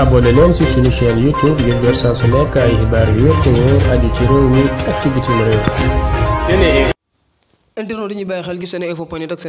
abonné leen ci suñu chaîne YouTube ngir jot yu wér te wóor aju ci réew mi ak bàyyi xel gi seen info point net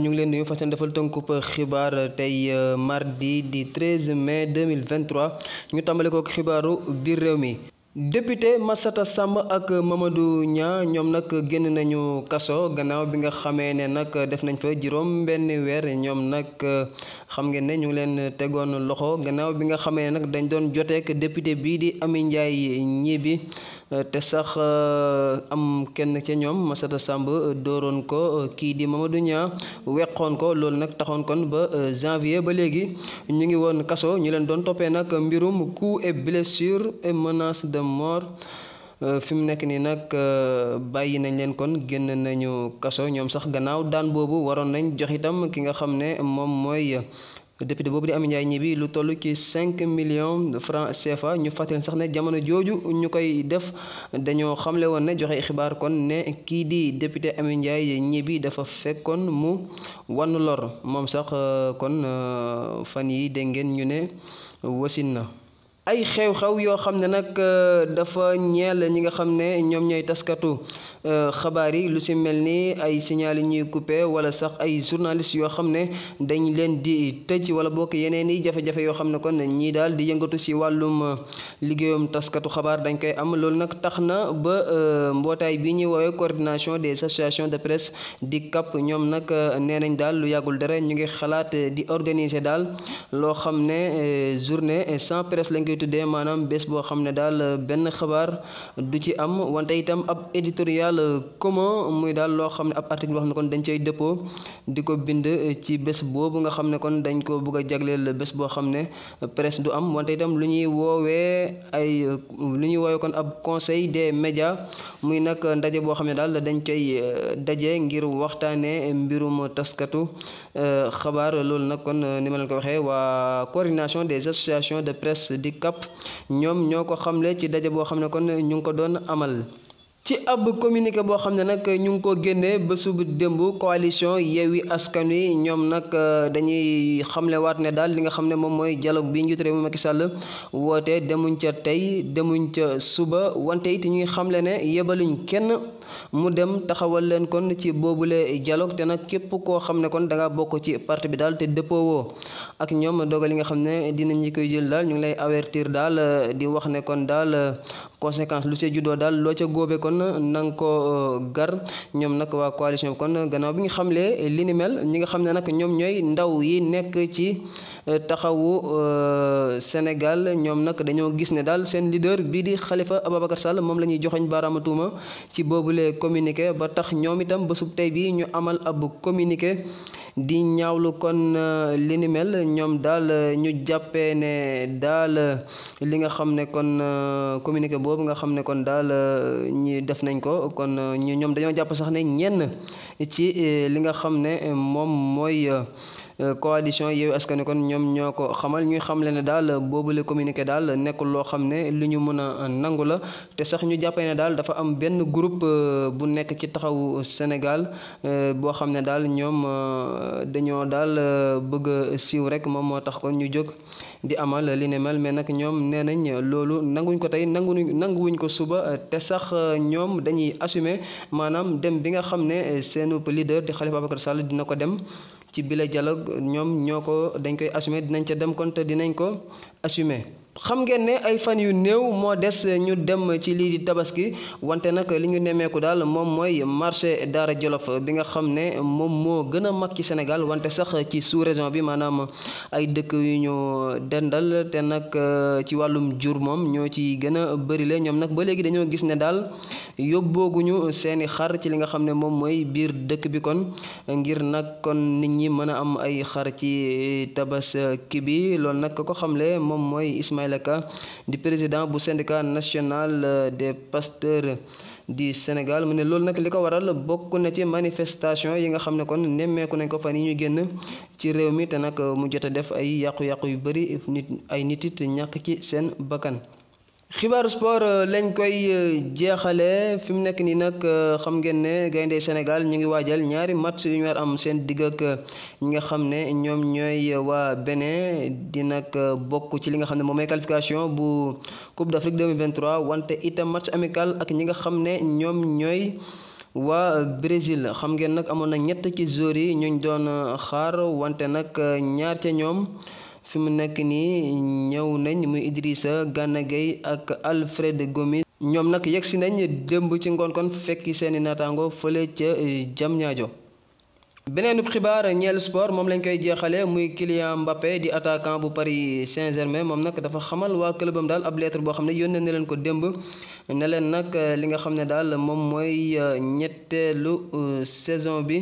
ñu ngi leen nuyu fas yéene defal tënkub xibaar tey euh, mardi di 13 mai 2023 ñu tàmbali ko xibaaru biir réew mi. député Massata Samb ak Mamadou Niang ñoom nag génn nañu kaso gannaaw bi nga xamee ne nag def nañ fa juróom mbenn weer ñoom nag euh, xam ngeen ne ñu leen tegoon loxo gannaaw bi nga xamee ne nag dañ doon joteek député bii di Amy Ndiaye Gniby Euh, te sax euh, am kenn ca ñoom Massata Samb euh, dooroon ko kii di Mamadou Niang weqoon ko loolu nag taxoon kon ba janvier ba léegi ñu ngi woon kaso ñu leen doon toppee nag mbirum coup et blessure et menace de mort fi mu nekk nii nag bàyyi nañ leen kon génn nañu kaso ñoom sax gannaaw daan boobu waroon nañ jox itam ki nga xam ne moom mooy député boobu di Amy Ndiaye Gniby lu toll ci cinq millions de francs fa ñu fàttali sax ne jamono jooju ñu koy def dañoo xamle woon ne joxe xibaar kon ne kii di député Amy Ndiaye Gniby dafa fekkoon mu wann lor moom sax kon fan yi de ngeen ñu ne wasin na ay xew-xew yoo xam ne nag euh, dafa ñeel ñi nga xam ne ñoom ñooy taskatu euh, xabaar yi lu si mel nii ay signal yi ñuy coupé wala sax ay journaliste yoo xam ne dañ leen di tëj wala bokk yeneen i jafe-jafe yoo xam ne kon ñii daal di yëngatu si wàllum euh, liggéeyam taskatu xabaar dañ koy am loolu nag tax na ba mbootaay bi ñuy woowee coordination des associations de presse di CAP ñoom nag nee nañ daal lu yàggul dara ñu ngi xalaat di organiser daal loo xam ne journée sans koy tuddee maanaam bés boo xam ne daal euh, benn xabaar du ci am wante itam ab éditorial euh, commun muy daal loo xam ne ab article boo xam ne kon dañ cay dëppoo di ko bind euh, ci bés boobu nga xam ne kon dañ ko bëgg a jagleel bés boo xam ne presse du am wante itam lu ñuy woowee ay lu ñuy woowe kon ab conseil des médias muy nag ndaje boo xam ne daal dañ cay daje ngir waxtaanee mbirum taskatu xabaar loolu nag kon ni ma leen ko waxee waa coordination des associations de presse dik CAP ñoom ñoo ko xamle ci daje boo xam ne kon ñu ngi ko doon amal. ci ab communiqué boo xam ne nag ñu ngi ko génnee bésub démb coalition Yewwi Askan Wi ñoom nag euh, dañuy xamlewaat ne daal li nga xam ne moom mooy dialogue bi njiitu réew mi Macky Sall woote demuñ ca tey demuñ ca suba wante it ñuy xamle ne yebaluñ kenn mu dem taxawal leen kon ci boobule jaloog te nag képp koo xam ne kon da nga bokk ci parti bi daal te dëppoowoo ak ñoom dogal yi nga xam ne dinañ ñi koy jël daal ñu ngi lay avertir daal euh, di wax ne kon daal euh, conséquence lu ca kon na nga ko euh, gar ñoom nag waa coalition bi kon gannaaw bi nga xam li ni ñi nga xam ne nag ñoom ñooy ndaw yi nekk ci euh, taxawu euh, senegal ñoom nag dañoo gis ne daal seen leader bii di xalifa Ababacar Sall moom la ñuy joxoñ baaraama tuuma ci boobule communiqué ba tax ñoom itam bésub tey bii ñu amal ab communiqué di ñaawlu kon euh, li ni ñoom daal euh, ñu jàppee ne daal euh, li nga xam ne kon communiqué boobu nga xam ne kon daal ñii def nañ ko kon ñu ñoom dañoo jàpp sax ne ñenn ci li nga xam ne moom mooy Euh, coalition Yewwi Askan Wi kon ñoom ñoo ko xamal ñuy xamle ne daal boobule communiqué daal nekkul loo xam ne li ñu mën a nangu la te sax ñu jàppee ne daal dafa am benn groupe euh, bu nekk ci taxawu Sénégal euh, boo xam ne daal ñoom dañoo daal bëgg a siiw rek moom moo tax kon ñu jóg di amal li ne mel mais nag ñoom nee nañ loolu nanguñ ko tey nanguñu nanguwuñ ko suba te sax ñoom dañuy assumer maanaam dem bi nga xam ne seen leader di Khalifa Ababacar Sall dina ko dem ci bile dialogue ñoom ñoo ko dañ koy assumer dinañ ca dem kon te dinañ ko assumer xam ngeen ne ay fan yu néew moo des ñu dem ci lii di tabaski wante nag li ñu nemmeeku daal moom mooy marché Daara Jolof bi nga xam ne moom moo gën a mag ci Sénégal wante sax ci sous-région bi maanaam ay dëkk yu ñu dendal te nag euh, ci wàllum jur moom ñoo ci gën a bëri ñoom nag ba léegi dañoo gis ne daal yóbbooguñu seeni xar ci li nga xam ne moom mooy biir dëkk bi kon ngir nag kon nit ñi mën a am ay xar ci tabaski bi loolu nag ko xamle moom mooy Ismaïla Ismaïla Ka di président bu syndicat national euh, de pasteurs du Sénégal mu ne loolu nag li ko waral bokk na ci manifestation yi nga xam ne kon nemmeeku nañ ko fan yi ñu génn ci réew mi te nag mu jot a def ay yàqu-yàqu yu bëri nit ay nit ñàkk ci seen bakkan xibaaru sport euh, lañ koy euh, jeexale fi mu nekk nii nag euh, xam ngeen ne gaynde Sénégal ñu ngi waajal ñaari match yu ñu war am seen digg ak ñi nga xam ne ñoom ñooy waa Bénin di bokk ci li nga xam ne moom mooy qualification bu Coupe d'Afrique wante itam match amical ak ñi nga xam ne ñoom ñooy waa Brésil xam ngeen nag amoon na ñett ci joueurs yi ñu doon xaar wante nag ñaar ca ñoom. fi mu nekk nii ñëw nañ muy Idrissa Gana Gueye ak Alfred Gomis ñoom nag yegsi nañ dëmb ci ngoon kon fekki seeni naataango fële ca eh, Diamniadio beneenub xibaar ñeel sport moom lañ koy jeexale muy Kylian Mbappé di attaquant bu Paris Saint-Germain moom nag dafa xamal waa clubam daal ab lettre boo xam ne yónnee na leen ko démb ne leen nag eh, li nga xam ne daal moom mooy eh, ñetteelu saison bi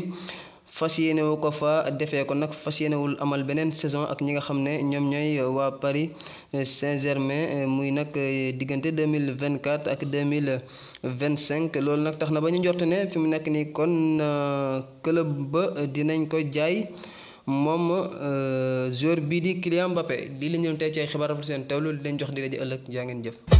fas yéenewu ko fa defee ko nag fas yéenewul amal beneen saison ak ñi nga xam ne ñoom ñooy waa Paris Saint-Germain muy nag eh, diggante deux mille vingt quatre ak deux mille vingt cinq loolu nag tax na ba ñu njort ne fi mu nekk nii kon eh, club ba dinañ ko jaay moom eh, joueur bii di Kylian Mbappé lii la ñu doon tey ci ay xibaar seen teewlu di leen jox di daje ëllëg jaa ngeen jëf.